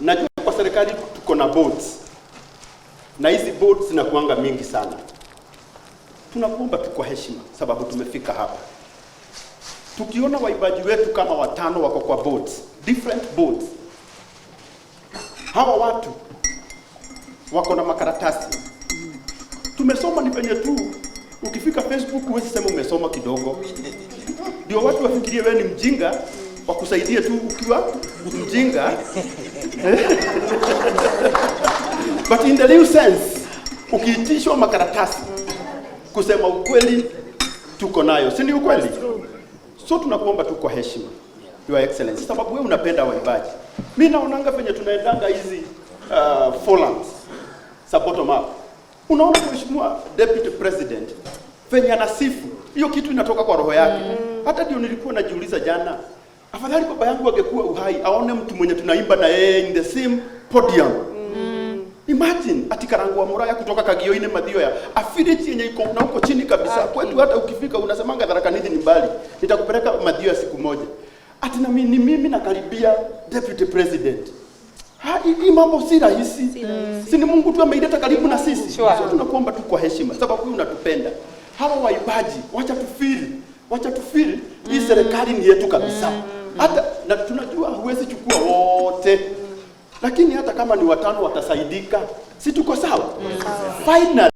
Najua kwa serikali tuko na boards na hizi boards zinakuanga mingi sana. Tunakuomba tu kwa heshima, sababu tumefika hapa. Tukiona waibaji wetu kama watano wako kwa boards, different boards, hawa watu wako na makaratasi tumesoma, ni penye tu ukifika Facebook huwezi sema umesoma kidogo, ndio watu wafikirie wewe ni mjinga wakusaidie tu ukiwa mjinga eh? but in the real sense, ukiitishwa makaratasi kusema ukweli, tuko nayo, si ni ukweli? So tunakuomba tu kwa heshima, Your excellence sababu wewe unapenda waibaji Mi naonanga venye tunaendanga hizi uh, forums za Unaona mheshimiwa deputy president venye anasifu hiyo kitu, inatoka kwa roho yake. Mm. Hata ndio nilikuwa najiuliza jana afadhali baba yangu angekuwa uhai aone mtu mwenye tunaimba na yeye in the same podium mm. Imagine ati Karangu wa Muraya kutoka ine Kagioine ya afiriti yenye iko na huko chini kabisa okay. Ah. Kwetu hata ukifika unasemanga dharaka Nithi ni mbali, nitakupeleka ya siku moja. Ati na mimi mimi nakaribia deputy president. Ha, hii mambo si rahisi mm. Si ni Mungu tu ameileta karibu na sisi sure. So tunakuomba tu kwa heshima, sababu huyu unatupenda. Hawa waibaji wacha tufiri, wacha tufiri, hii mm. serikali ni yetu kabisa mm hata na tunajua huwezi chukua wote, lakini hata kama ni watano watasaidika, si tuko sawa? Mm. Final